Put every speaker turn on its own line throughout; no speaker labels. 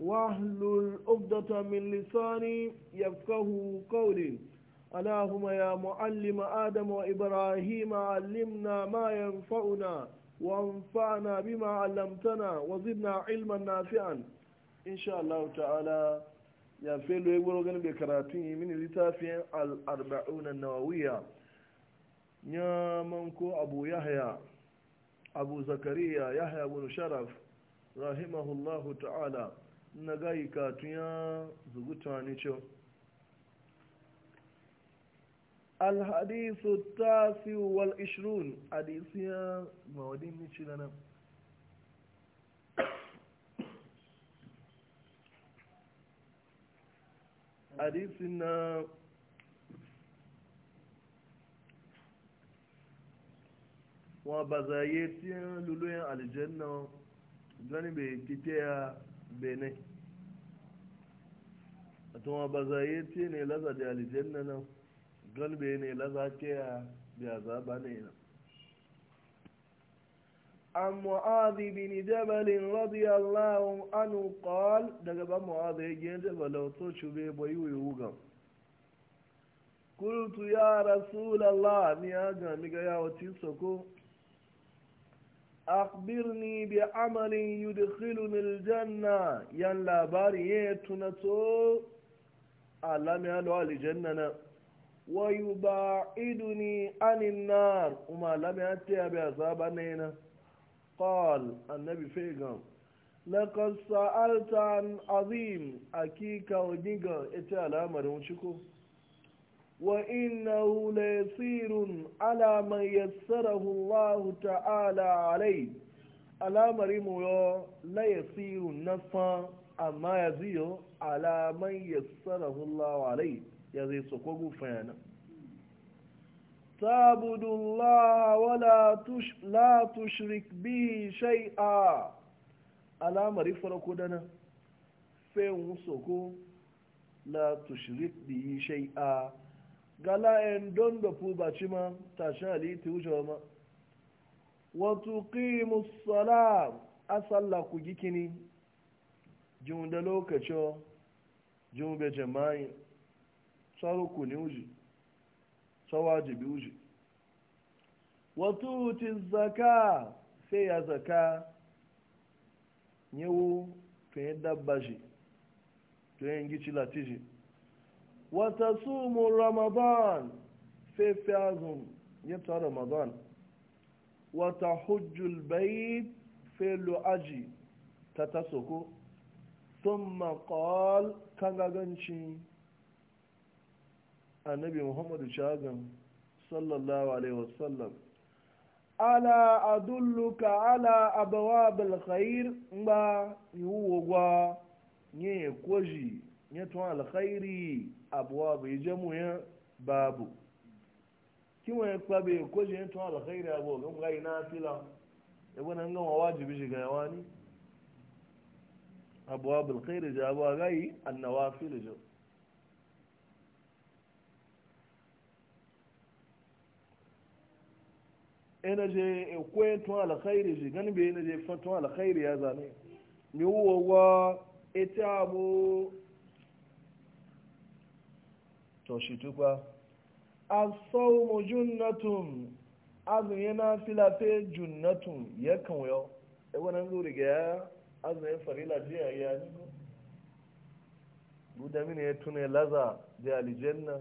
واحلل عقدة من لساني يفقه قولي اللهم يا معلم آدم وإبراهيم علمنا ما ينفعنا وانفعنا بما علمتنا وزدنا علما نافعا إن شاء الله تعالى يا فيلو يقولوا قلنا بكراتي من لتافي الأربعون النووية يا منكو أبو يحيى أبو زكريا يحيى بن شرف رحمه الله تعالى na gayi katun ya zuguta ni cewa alhadisu tasi wal ishirun hadisi ya mawadin ni ci nan hadisi na wa bazaye tiyan luluyen aljanna gani bai kike ya benin a tuma ba za yi ne laza da alijen na nan gan laza ke a biyaza ba ne na an mu'adhi bin jabalin radiyallahu anhu qal daga ba mu'adhi ya gina jabala wato shuɓe bai yi wugan kultu ya rasulallah ni ya ga miga ya soko أخبرني بعمل يدخلني الجنة يان لا باريتنا تو ألا ألو ألي جننا ويباعدني عن النار وما لم يأتي بأذاب نينة قال النبي فيقام لقد سألت عن عظيم أكيكا ودنك إتي على أمر ونشكو وإنه ليسير على من يسره الله تعالى عليه على مريم ليسير نفا أما يزيو على من يسره الله عليه يزي سقوق فانا تعبد الله ولا تش... لا تشرك به شيئا على مريم فرقودنا فين سقوق لا تشرك به شيئا gala en don da fu ba ci ma tashin halittu wuce ma wato qimu salam a tsalla ku gikini jin da lokacin jin be jama'i tsaruku ku ne wuce tsawajibi wuce wato ti zaka sai ya zaka yawo fiye dabba shi tun yi gici latijin watasumu ramadan fefe azum yata ramadan watahujjul bayt felu aji ta tasoko thumma qal kangaganci annabi muhammadu shagan sallallahu alaihi wasallam ala adulluka ala abawab alkhair ya yuwo gwa nye yato alkhairi abuwa bai jamu ya babu kiwon ya kwabe ko ya yato alkhairi abuwa ga gai na fila ya wani gama wajibi shiga yawa ni abuwa bulkhairi ja abuwa gai annawa fila jau ina je kwayen tuwa alkhairi shi gani bai ina je fatuwa alkhairi ya zane mi wuwa ita abu to shi tukwa asawmu junnatun azun yana filafe junnatun ya kan wayo e wannan zuri ga azun ya farila jiya ya ni ko buda mini ya tuna laza da aljanna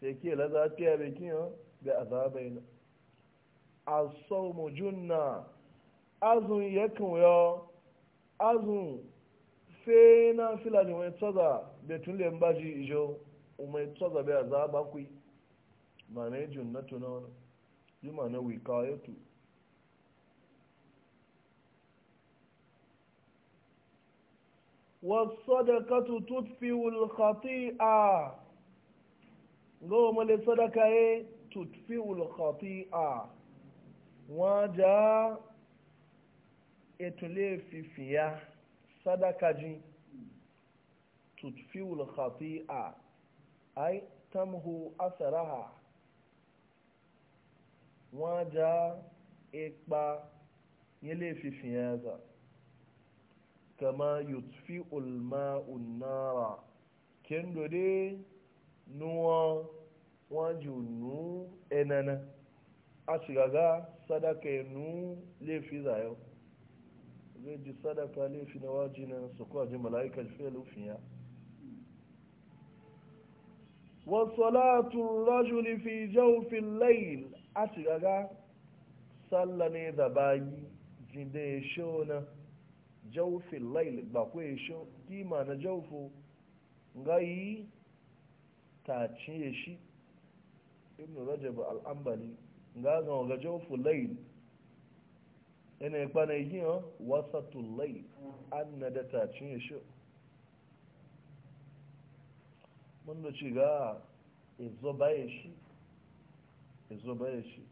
sai ke laza fiya be kin ga azabaina asawmu junna azun ya kan wayo azun fe na filani wani tsaza da tun lembaji umai tsoza bai azaba ku mana yi junnatu na wani yi mana wikayatu wasadakatu tutfiwul khati'a gawo male sadaka ye tutfiwul khati'a A. ja etule fifiya sadaka jin tutfiwul A. ai tamhu asaraha wọ́n já ipa nílé fífin ẹ̀zà kama yutfi ulma unnara kendo dé nuwọn wọ́n jù nú ẹnana a sadaka inú lè fi zayọ zai ji sadaka lè fi na wájina su kọjí mala'ikar fẹ́ lufin ya wasalatu rajuli fi jawfin lail a shigaga salla ne da bayi jinde ya sho na jawfin lail ba ku ya sho kima na jawfu ngayi ta ciye shi ibn rajab al'ambali ga zan ga jawfu lail yana ya kwana yi wasatu lail an na da ta ciye shi wanda ci ga izo baye shi izo baye shi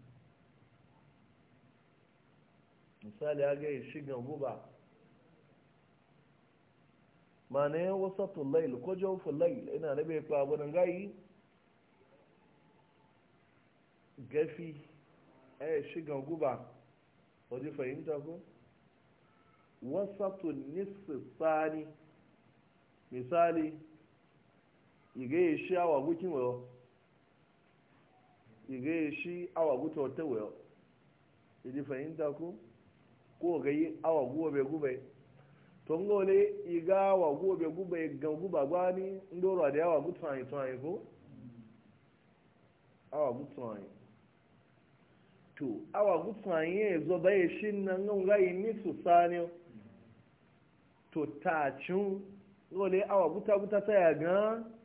misali ya ga shi ga guba mana ya wasatu lail ko jawfin lail ina na bai kwa abunan gayi gafi ya shi ga guba wajen fahimta ko wasatu nisisani misali igaye shi awa gukin wayo igaye shi awa guta wata wayo idi fahimta ku ko gayi awa gobe gube to ngole iga awa gobe gube ga guba gwani ndoro da awa gutu anyi to ko awa gutu anyi to awa gutu anyi ezo baye shin shi ngai ni su sani to ta ngole awa guta guta ta ya gan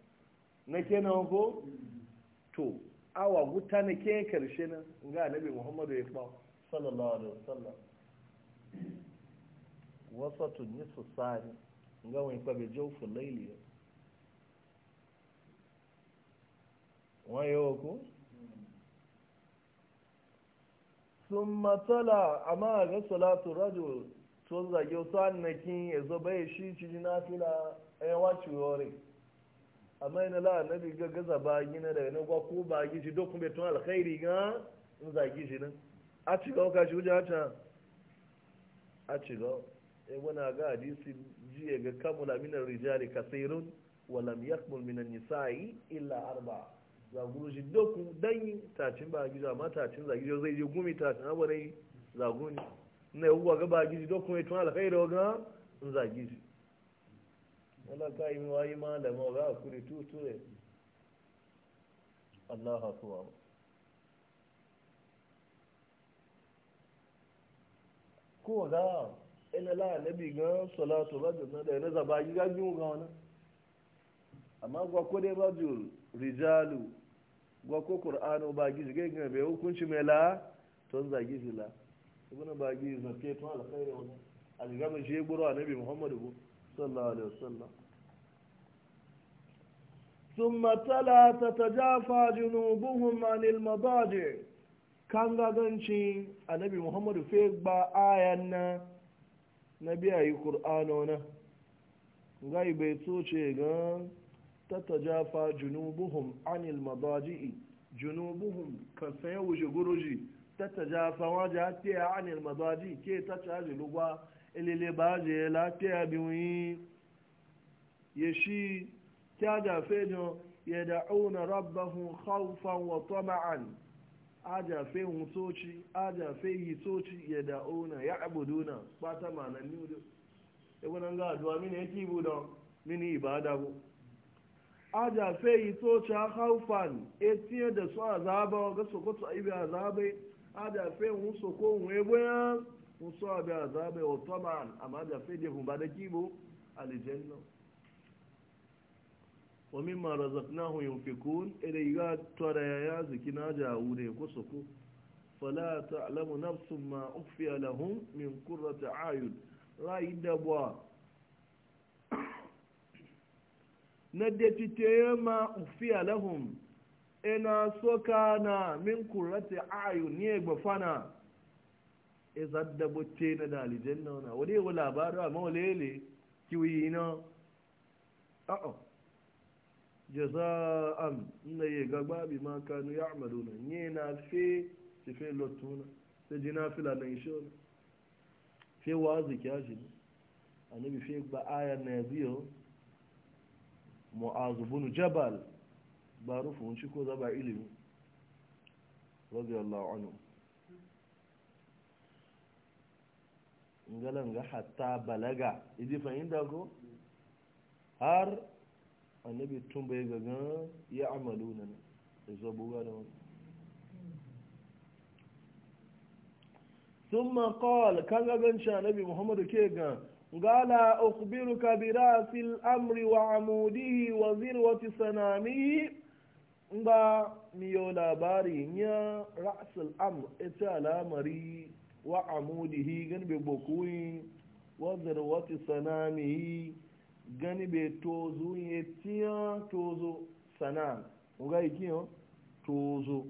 na kenan ko to awa guta na ke karshe nan ga annabi muhammadu ya kawo sallallahu alaihi wasallam yi su sani ga wani kwabe jofu laili wani yau ko sun matsala amma ga salatu radio tun zage wasu annakin ya zo bai shi cikin nafila a yawa ciwo amma ina la na ga gaza ba gina daga ne gwa ko ba gishi duk kuma tun alkhairi ga in za gishi nan a ci gawa kashi wuce ta a ci ga e wana ga hadisi jiya ga kamula minar rijali kasirun lam yakmul an nisa'i illa arba za guru shi duk dan tacin ba gishi amma tacin za gishi zai je gumi ta cin ne za gumi ne uwa ga ba gishi duk kuma tun alkhairi ga in za gishi ka yi wa wayi malama ga kuri tuture eh. Allah akuwa ko ga ina la nabi ga salatu rajul na da raza ba yi ga jin ga wannan amma gwa ko dai rajul rijalu gwa ko qur'anu ba gizi ga ga bai hukunci mai la ton za gizi la ibn ba gizi zakke to alkhairi wannan algama je guru annabi muhammadu Sun matsala ta ta jafa junubuhun anilma baje kan gaganci Annabi Muhammadu Fikba Ayan na biyu ayi kur'anona, zai bai so ce ga ta ta jafa junubuhun anilma baje junubuhun kan sayo wuje gurji ta ta ke tasha jini ilele ba je lafiya biyu ya shi kya da fejo ya da'una rabbahun khawfan wa tama'an ajafe hutoci ajafe hitoci ya da'una ya abuduna ba ta manan nudu ibunan ga aduwa mini ya kibu don mini ibada bu yi hitoci khawfan etiye da su azaba ga su kutu ibi azabai ajafe hunso ko hunwe bayan musu abi azabe wa taman amma da fede hun ba da kibo aljanna wa mimma razaqnahu yunfikun ida iga tore ya ziki na jawu ne ko soko fala ta'lamu nafsun ma ukhfiya lahum min qurrati ayun rai da bwa na detite ma ukhfiya lahum ina soka na min qurrati ayun ne gbafana e zadda bocce na da aljanna wana wani yau labaru a maulele kiwi na a'a jaza'an na yi gaba bi ma kanu ya Amadu na nye na fe ci fe na sai ji na fila na isho na fe wa ziki ya shi annabi fe ba aya na biyo mu'azu bunu jabal ba rufu shi ko zaba ilimi radiyallahu anhu ngalan ga hatta balaga idi fahimta ko har annabi tun bai ga gan ya amalu na nan zo buga da wani ثم قال كان غن نبي محمد كيغا قال اخبرك براس الامر وعموده وذروه سنامه ba miyo labari ya ra'asul amr ita lamari wa amudihi gani bai bokuyi wa zarwati sanamihi gani bai tozo ya tiya tozo sanam ga iki yau tozo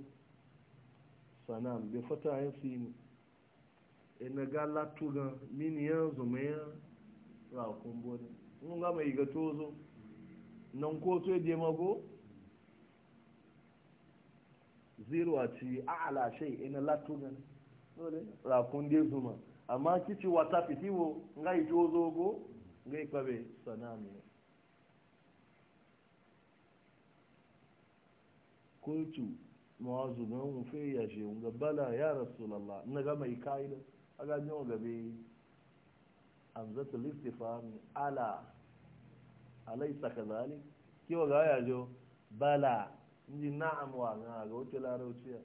sanam bai fata yin su yi ina ga latugan miniyan zumayen rakun bode mun ga mai ga tozo nan ko to je mago zero a ci a'ala shay ina e latugan rakun dai zuma amma kici wata fitiwo nga yi to zogo nga yi kwabe sanami kuntu mawazu na mu ya je nga bala ya rasulullah na ga mai kaida aga nyo gabe amzatul istifham ala alaysa kadhalik kiwa ga ya jo bala ni na'am wa na ga wuce larauciya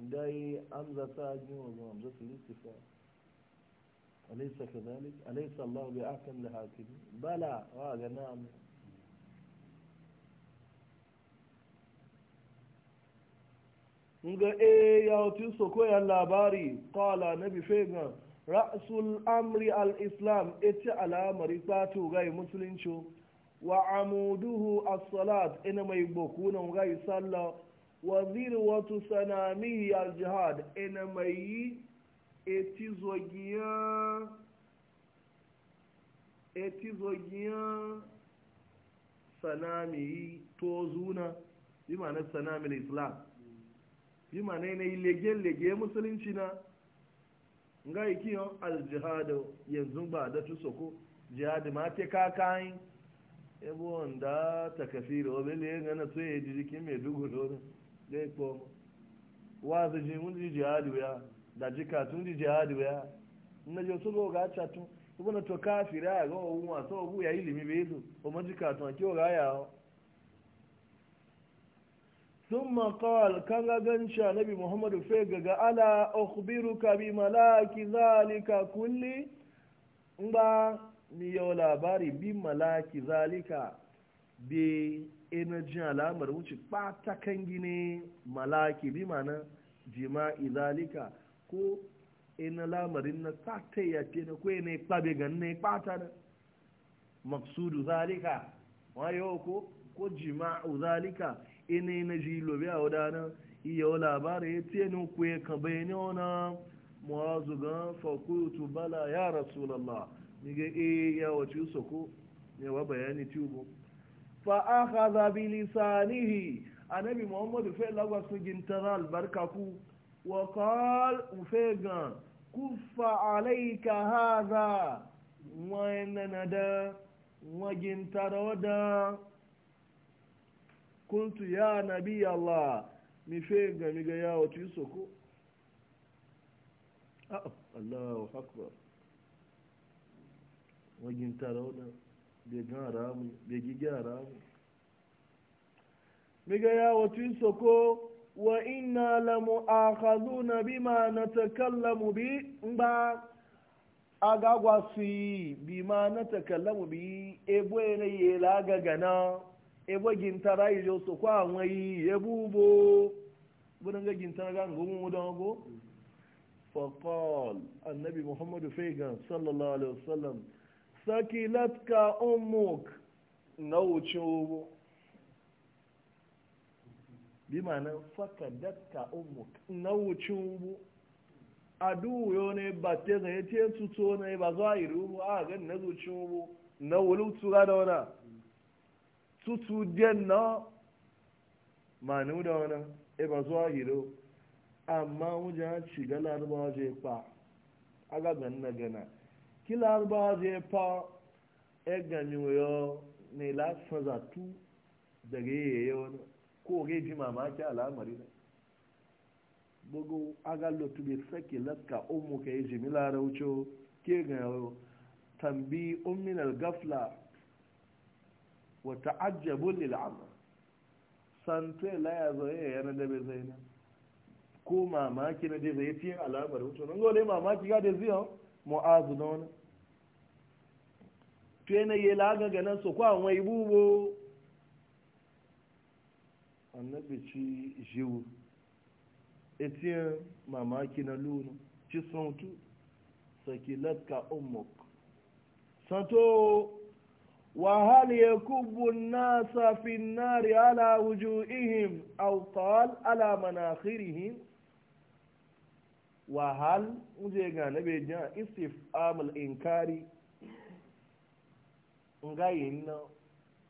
dai amza ta jin wajen amza su yi tifa alaisa ka zalik alaisa allahu bi akan da ba bala wa ga na'am ga e ya otu soko ya labari kala na bife ga ra'sul amri al-islam ita alamari patu gai musulunci wa amuduhu a salat ina mai boku na gai sallah wa zirwatu sanamihi al-jihad ina mai yi etizogiyan sanamihi to zuna bi ma na sanamin islam bi ma na yanayi lege-lege musulunci na nga yi al-jihad yanzu ba da tu soko jihad ma ta te kakayin ebe wanda ta kafi da obele yana so ya jirikin mai dugu da zai kpomo wazi ji mun ji jihadi ya da jika tun ji jihadi ya na jo sugo ga chatu ibuna to kafira ga wu ma so wu ya ilimi be yizo o ma jika tun ki o ga ya thumma qala kan ga gansha nabi muhammadu fe gaga ga ala ukhbiruka bi malaki zalika kulli ngba ni yo labari bi malaki zalika bi energy alamar wuce ɓata kan gine malaki bi mana jima'i zalika ko ina lamarin na ɓata ya ce na kwaye ne ɓabe gan ne na maksudu zalika wayo ko ko jima'u zalika ina na ji lobe a wadana iya da ya ce na kwaye ka bayani wana mawazu gan fakultu bala ya rasulallah ni ga iya eh, wace soko ne wa bayani tubo fa akhadha bi lisanihi anabi muhammadu fe lagwa su gintara albarka ku wa qal ufegan kuffa alayka haza wa da wa da kuntu ya nabi allah mi fe ga mi ga yawo ti soko ah allahu akbar wa gintara da bai gan haramu bai gigi haramu miga ya wacin soko wa inna la mu'akhaduna bima natakallamu bi ba agagwa su yi bima natakallamu bi ebo ene yela gagana ebo gintara ijo soko awon yi ebubo bunan ga gintara ga ngumu don go faqal annabi muhammadu fegan sallallahu alaihi wasallam sakilatka umuk na wuce wubo bi ma'anar fakadatka umuk na wuce wubo a duwuyo ne ba te zai te tuto ne ba za a yi rubu a gani na zuci wubo na wuli tura da wana tutu den na manu da wana e ba za a yi rubu amma wujen shiga larabawa je a aga gani na gana kí lárúbáwá ti pa ẹgàn ni wòyọ ní lásán zàtú dẹ̀gẹ́ yẹ̀yẹ́ wọn kó o rédi màmá kí àlámàrí náà gbogbo agalo tube sake laska umu ka yi jimila raucho ke ga tambi ummin al-gafla wa ta'ajjabun lil amr sante la ya zo ya e, yana e da bai zaina ko mamaki na e dai zai fiye alamar wuce nan gole mamaki ga da ziyo mu'azu na wani to yana yi lagaga nan su kwa wai bubo annabi ci jiwu etiyan mamaki na luna ci saki latka ummuk santo وهل يكب الناس في النار على وجوههم أو قال على مناخرهم wa hal nje ga na be jan istif amul inkari ngayi na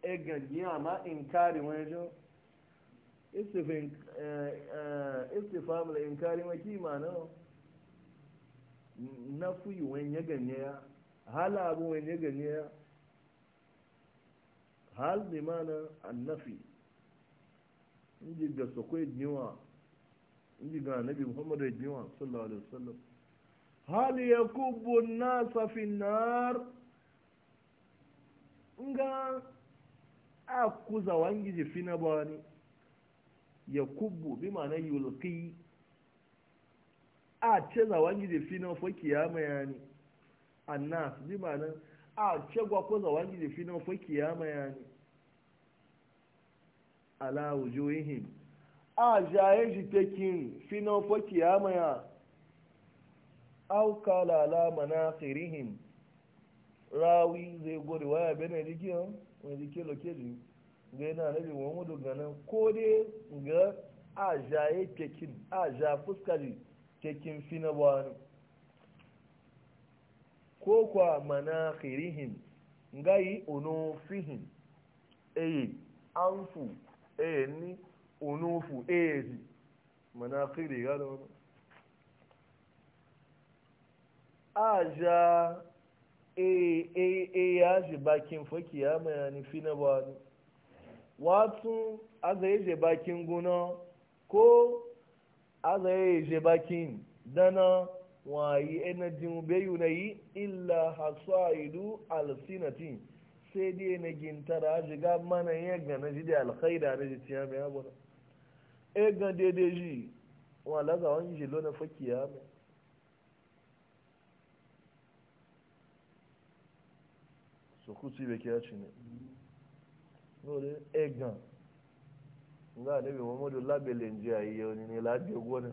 e ga jiya ma inkari wani jo istif istif e, e, amul inkari ma kima na na fuyi wani ya ganye ya hala abu wani ya ganye ya hal bi mana annafi nafi da su kwai jiwa ni ga nabi muhammad da jiwa sallallahu alaihi wasallam hal yakubbu an-nas fi an-nar nga akuza wangije fina bani yakubbu bi ma'ana yulqi a ce za wangije fina fo kiyama yani an-nas bi ma'ana a ce gwa ko za wangije fina fo kiyama yani ala wujuhihim a jaye shi tekin maya auka lalama na khirihim rawi zai gori waya bene jiki wani jiki lokeji ga yana nabi muhammadu ganin ko dai ga a jaye tekin a ja fuskari tekin fina bani ko kwa mana khirihim ngai ono fihim eye anfu eye ni unufu mana manakiri ga da wani ja e, e, e ya ji bakin faki ya mayani fi na ba Watu "A aza bakin guna ko aza ya je bakin dana wayi enajin beyu na yi illa hasaidu alsinati sai dai na gintara ga mana ya gana jide da alkhaira na ji ciyar mai abuwa e eh, gan daidai shi wa laga wani jelo na fakiya mai so ku ci beki ci ne lori e gan nga ne bi muhammadu labele nje ayi yau ne labe gona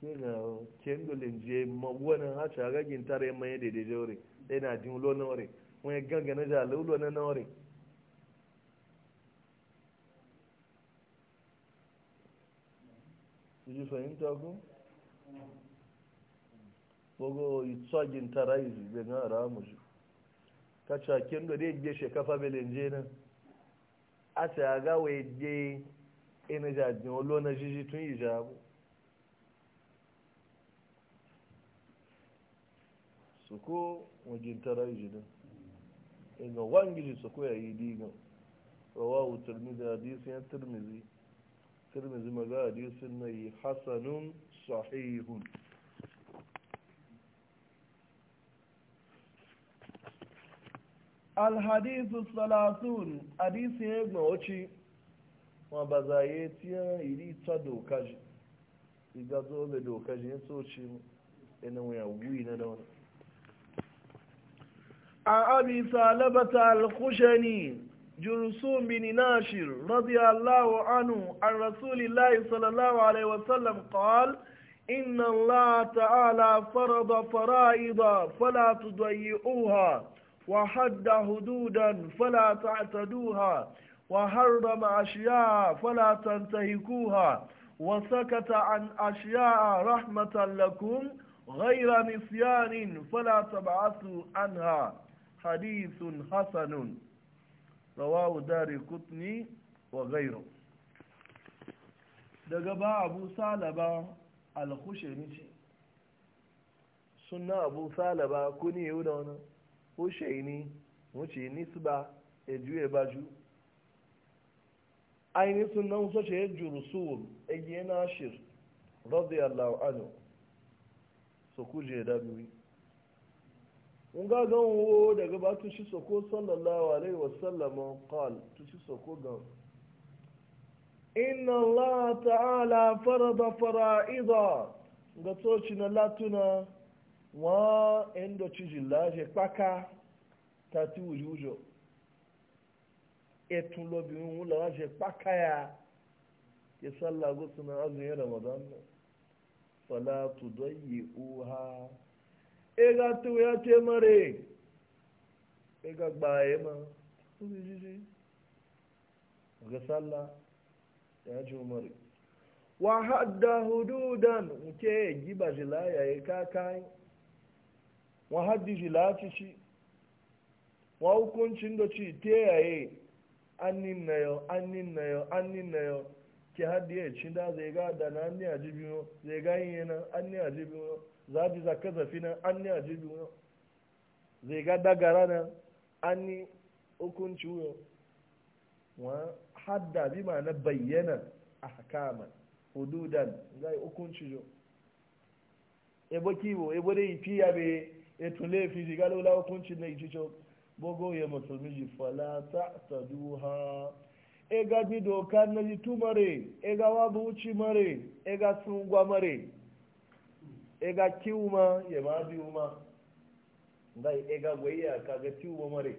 kega kendo lenje magwana hacha agagin tare mai daidai jore ina e jin lo na ore wani gangana jalo lo na na ore ku ji fahimta ku gogo itsogin taraizi bai na ramu shi kacha kin da dai je shekafa belenje nan a ta ga wai je ina jajin olo na jiji tun yi Soko su ko wajen taraizi nan inga soko su ko ya yi digan rawahu tirmidhi hadisi ya tirmidhi tirmizi maga hadisin na yi hasanun sahihun alhadisu salatun hadisi ya gbawaci ma ba za yi tiya iri ta dokaji iga zo da dokaji ya soci ina wuya wuyi na dauna a abisa labata alkushani جرسوم بن ناشر رضي الله عنه عن رسول الله صلى الله عليه وسلم قال إن الله تعالى فرض فرائض فلا تضيئوها وحد حدودا فلا تعتدوها وحرم أشياء فلا تنتهكوها وسكت عن أشياء رحمة لكم غير نسيان فلا تبعثوا عنها حديث حسن rawahu dari kutni wa gairu daga ba abu salaba alhusheni ce suna abu salaba kuni yau da wani husheni wuce nisba ya juye baju aini sunan soce ya juru suwul egiye na shir radiyallahu anu su kuje da biyu nga gan wo daga ba tu shi soko sallallahu alaihi wasallam qal tu shi soko gan inna allah ta'ala farada fara'ida nga to ci na latuna wa endo ci jilaje paka ta ti wujujo etun lo bi won la je paka ya ke sallah gusuna azumin ramadan fala tudayyi'uha ega tu ya te mare ega e ya ma jiji ga sallah ya ji umari wa hadda hududan nke giba jilaya ya e kakai wa haddi jilaci ci wa hukuncin da ci te yaye annin na yau annin na yau annin na ke haddi ya ci da zai ga da na anni a ji biyu zai ga yin yana an a jibi biyu za ji za ka zafi nan anni a ji biyu zai ga dagara nan ni hukunci wuyo wa hadda bi ma na bayyana ahkaman hududan zai hukunci jo ebo kiwo ebo dai fiya be eto lefi ji galo la hukunci na yi jo bogo ya musulmi ji fala ta'taduha ega bi ka nnali tu mare ega wabu uchi mare ega sungwa mare ega kiuma ya ma biuma ngai ega ka ga kiuma mare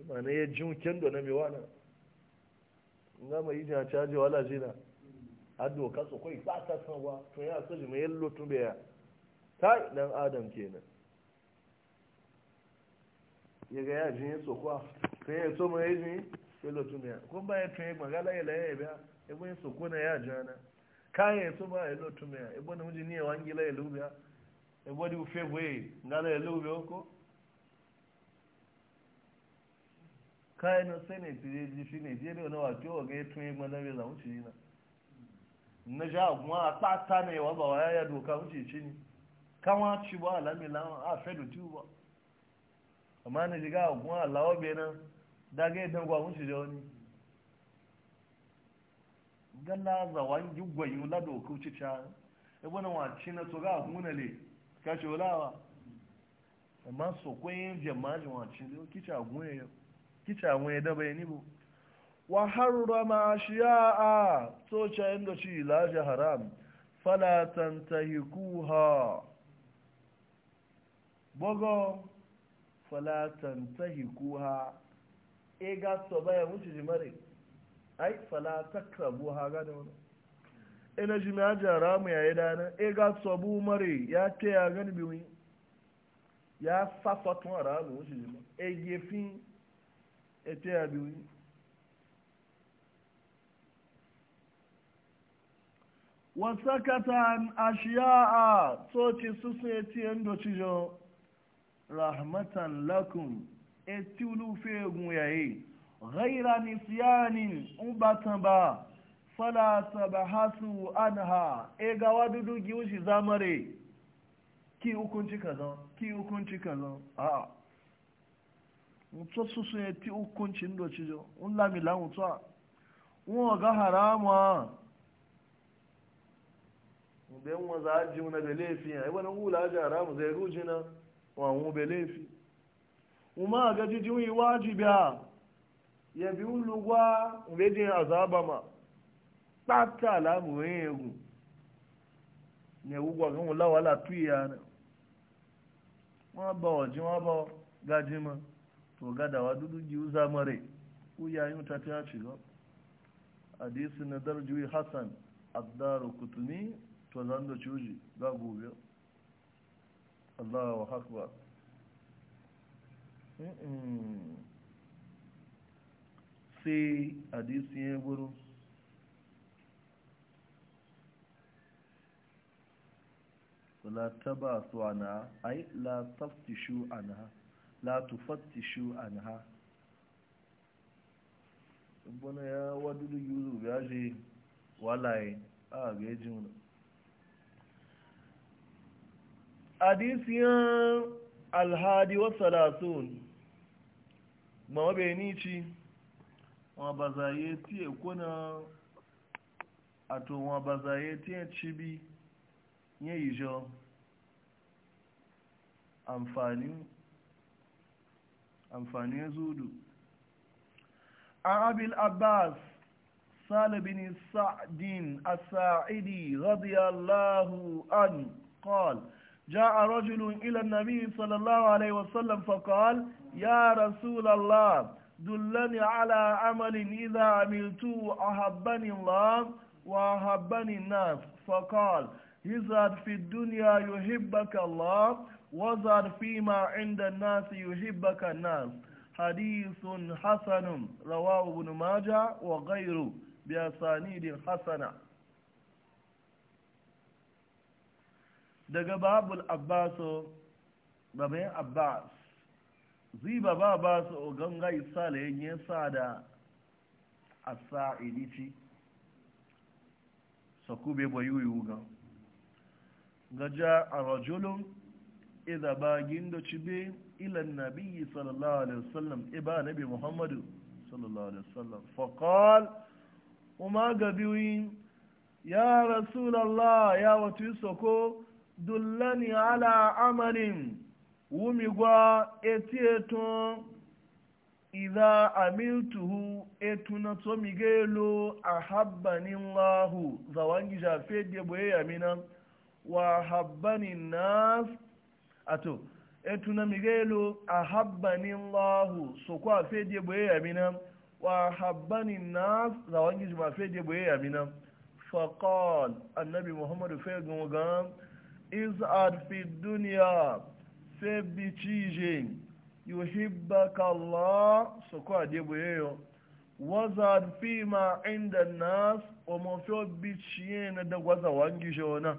ima na ya jin kendo na miwana nga mai ija caji wala jina ado ka so koi ba ta sanwa to ya so mai yallo tun ya kai dan adam kenan ya ga ya jin so kwa to so mai jin yalo tumiya ya tun magala ya laye biya ebo yin sokona ya jana kaya ya tuba ya lo tumiya na di ufe ya lubiya oko kaya na senate ya ji shi ne ga ya na na a ya alamila a fedu tiwa amma na jiga kuma alawa daga yadda gwamon shi da wani gana zawon gigwayo lado kuci ca ibi e na wace na le ka gunale kashe wulawa amma e so kwayin jamajin wace da kica gunye kica gunye da bai nibo wa harrama shi'a so ca inda ci laji haram fala tantahikuha bogo fala tantahikuha e ga baya wuce jimare ai fala takrabu ha ga da wani ina eh, ji ma jara mu yayi dana e ga to bu mare ya te ya gani biwi ya fa tun ara mu wuce ji ma e ge fin e te ya biwi ashiya'a so ci susu ya ci rahmatan lakum etulu fegun yayi ghaira nisyanin ubatan ba fala sabahasu anha e ga wadudu giushi zamare ki hukunci kaza ki hukunci kaza a mutu su sun ti hukunci ndo cijo un lami la mutu un ga harama bai wọn za a ji wani belefi ya ibanin wula ji haramu zai rujina wa wọn belefi Uma ga jijin yi wajibi a ya bi lugwa ubejin azaba ma tsata alamu yin yegu ne wugwa kan wula wala tuya na wọn bá ọjí wọn bá gají ma to gada wa dudu ji zamare uya yin ta shiga hadisi na darjuwi hassan addaru kutumi to zan da cuji ga gobe Allah akbar sai hadisi ya guru la taba su ana ai la taftishu anha la tufattishu anha bana ya wadudu yuzu gaje walaye a gajin hadisiyan alhadi wasu ma bai ni ci wọn ba zaye tiye kuna a to wọn ba zaye tiye cibi ya yi jo amfanin zudu an abil abbas salibin sa'adin asa'idi radiyallahu an qala جاء رجل إلى النبي صلى الله عليه وسلم فقال يا رسول الله دلني على عمل إذا عملته أحبني الله وأحبني الناس فقال يزاد في الدنيا يحبك الله وزاد فيما عند الناس يحبك الناس حديث حسن رواه ابن ماجه وغيره بأسانيد حسنه daga babul abbaso babayin abbas ziba ba ba su ogon ga isala yin yin sa da bai bayu yi ga gaja a rajulun Iza ba gindo be ilan nabiyyi sallallahu alaihi wasallam iba nabi muhammadu sallallahu alaihi wasallam faqal kuma gabiwi ya rasulallah ya yi soko dullani ala amalin wumigwa eti eto idha amiltuhu etuna to migelo ahabbani llahu zawangija fedye boye yamina wa habbani nas ato etuna migelo So llahu sokwa fedye boye yamina wa habbani nas zawangi ma fedye boye yamina faqal annabi muhammadu fegun gam iz'ad fi duniya sai bi cije yuhibbaka Allah su kwa debo yayo wazad fi ma inda nas o mo fi obi ciye na da gwaza wangije ona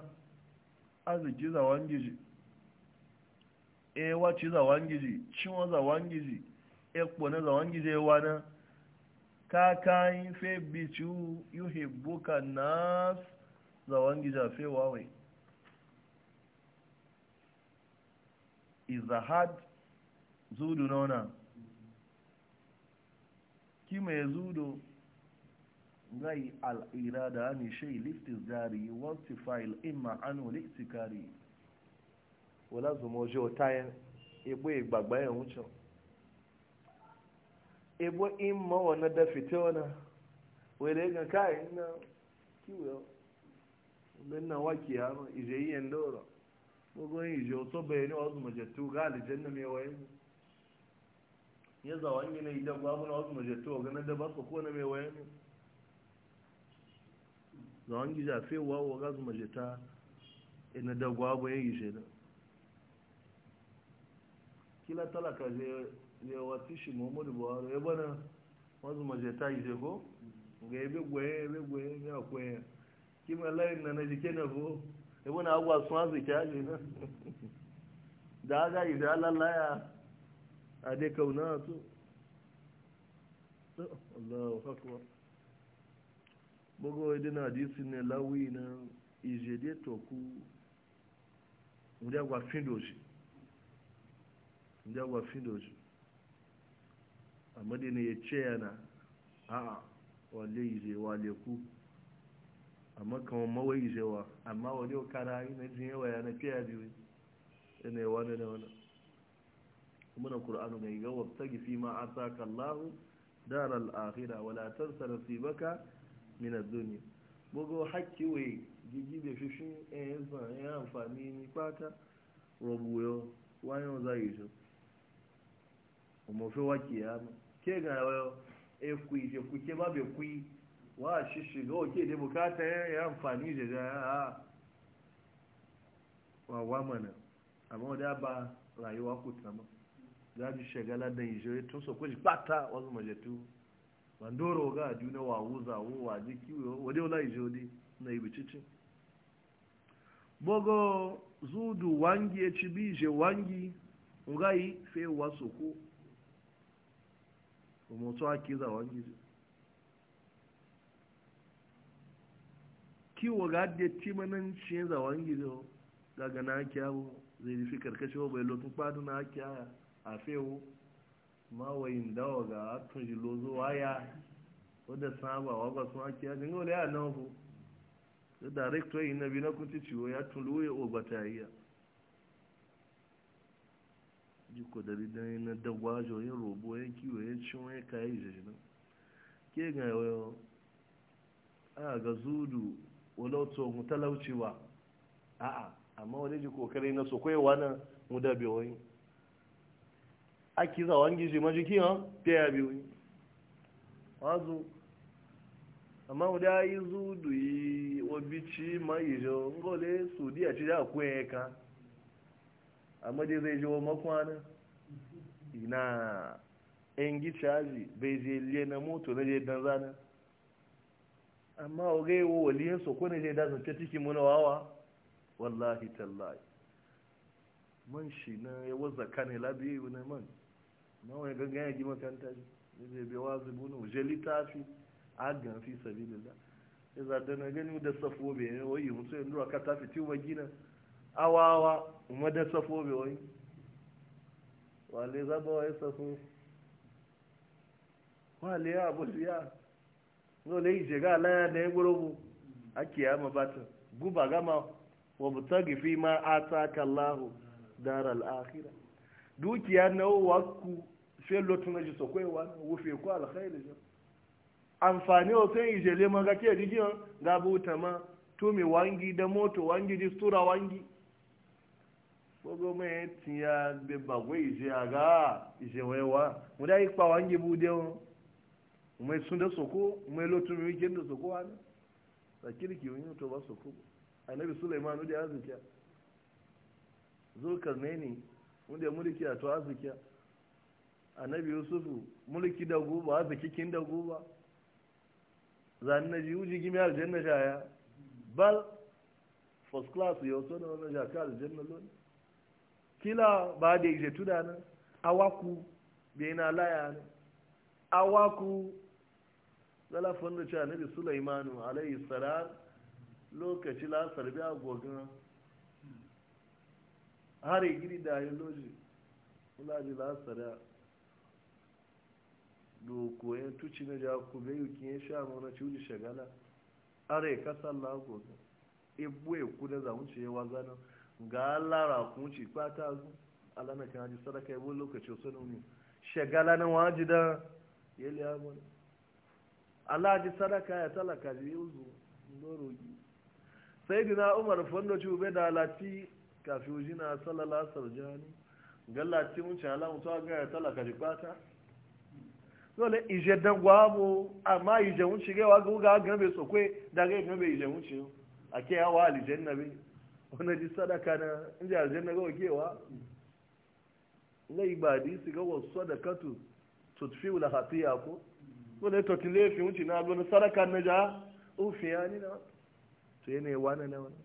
aziki za wangije ewa ci za wangije ciwo za wangije ekpo na za wangije ewa na kakayin fe bi ciwu yuhibbuka nas za fe is a izahad zudu nona ki mai zudu gai al'irada ne shai liftis jari wasu fayil imma anu liktikari wala zumo ji otayen ebo igbagba ya wucin ebo imma wani da fita wani wele ga kayan na kiwo don na waki ya ma ije yi yandoro gbogbo yin ìṣe òtó bẹ̀rẹ̀ ní ọdún mọ̀jẹ̀tú gáàlì na nínú mẹ́wàá yìí yẹ́ zàwọn yìí ní ìjọba abúlé ọdún mọ̀jẹ̀tú ọ̀gá náà dẹ́bà sọ̀kọ́ na. mẹ́wàá yìí zàwọn yìí àfẹ́ wà wọ gáàlì mọ̀jẹ̀tá ẹ̀nà dẹ́gbọ́ abọ́ yẹn ije ṣe Kila kí látàlà kàṣẹ yẹ wà tíṣì muhammadu buhari ẹ bọ́nà ọdún mọ̀jẹ̀tá ìṣe kó nga ebe gbẹ̀ẹ́ ebe na na àkọ́ na kí ebe na agwa sun arziki na da aga izi alalaya a dai kauna su Allah hakuwa bugu idin hadisi na toku ndị agwa findoji ndị agwa findoji amma dai ya a'a ku amma kamar mawai zewa amma wani okara kana yi na jin yawa ya fiye da biyu yana yawa da wani muna kur'anu mai yawa wabtagi fi ma a sa kallahu dara al'akhira wala tansa nasibaka min ad-dunya bugo hakki we gigi be fishin en eh, san ya amfani ni wani zai wayo zayijo umofe wa kiyama ke ga wayo e kuije kuke babe kuyi wa shi shiga oke da bukata ya amfani da jaya wa wawa mana amma da ba rayuwa ku tama za ji shagala da yijo tun so kwaji pata wasu majatu bandoro ga juna wa wuza wa ji kiwo wula wala yijo na yi bicici bogo zudu wangi e cibije wangi ngayi fe wasu ku umutu akiza wangi kiwo ga da timanin manan ci zawon gizo daga na kyawo zai rufi karkashin bai lokacin kwado na kyaya a fewo mawayin dawa ga atun shi lozo waya wadda saba ba sun ake ya jingo da ya nan ku da director yi na bi na kunci ciwo ya tun luwe o batariya jiko da ridan na dagwajo yin robo yin kiwo yin cin wani kayan jirgin ke ga yawon a ga zudu walau tsohon talauci ba a'a amma wani ji kokari na sokwai wani mu da biyoyi a kiza wangi shi majiki ha ta ya biyoyi wazo amma wadda yi zudu yi obici ma yi jo ngole su di a ci da kuwa ka amma dai zai jo makwana ina yan gicaji bai je liye na moto na je dan amma oge yi wo waliyin so kone zai da zance ciki muna wawa wallahi tallahi man shi na ya wazza kane labi yi wani man na wani gangan ya gima kanta ne zai bai wazi na wuje littafi agan fi sabi za ya zaɗa na gani da safo bai yi wai mutu ya ruwa ka tafi tiwa gina awawa kuma da safo bai wai wale zaba wa ya safo wale ya abu ya dole yi shiga laya da ya gurubu a kiyama batin guba gama wa mutagi fi ma a taka lahu dar al'akhira dukiya na waku sai lotun na ji sokwai wani wufe ko alkhairu jan amfani o sai ijele ma ga ke rigiyo ga buta ma tumi wangi da moto wangi di sura wangi gbogbo mai e tiya be bagwe ije aga ije wewa Muda da ipa wangi bude o mai sun da soko mai lotun mai wikin da soko wani a kirki wani to ba soko nabi sulaimanu da azikiya zulkar ne wanda ya mulki a to azikiya nabi yusufu mulki da guba zikikin da guba zan na ji uji gimi aljanna shaya bal first class yau to na wani jaka aljanna lona kila ba da ije tudana awaku bai na laya ne awaku zalafin da cewa nabi sulaimanu alayhi salam lokaci lasar bi agogin har yi gidi da yi loji kula ji lasar ya dokoyin tuci na jakube yukin ya sha mana ciwuji shagala are kasar lagogin ibu e eku da zamunci yawa zanen ga lara kunci kwata zu alana kan haji sadaka yabo lokacin sunu shagala na wajidan yeli amana ji sadaka ya talaka ji yuzu ndorogi sai dina umar fondo ci ube da lati kafi ujina salala sarjani ga lati mun cala mun to ga ya talaka ji kwata dole ije dan gwabo amma ije mun ci ga wa ga ga be sokwe da ga ga be ije mun ci ake yawa aljanna be wannan ji sadaka na inda aljanna ga wakewa lai ba di su ga wasu sadakatu tutfi wala hatiya ko wani to tile fi wuce na gona saraka na ja ufi ya ni na to yana yawa na na wani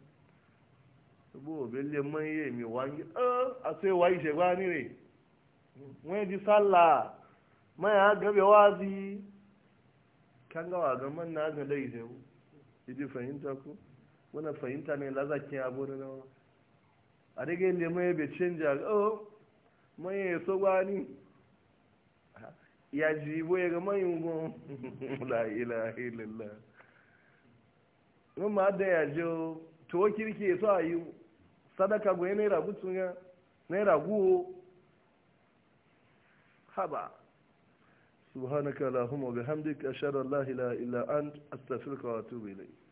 abubuwa belle man yi mi wangi eh, a sai wa ishe ba ni ne wani ji salla mai ya gabe wazi kan ga man na ga dai sai idi fahimta ko wani fahimta ne lazakin abu na nawa a rage lemai bai canja oh mai gwani ya ji boye ga manyan gun la ila illallah ma da ya jo to kirki a yi sadaka goye naira ragu ya naira guho haba subhanaka allahumma bihamdika ashhadu an la ilaha illa ant astaghfiruka wa atubu ilayk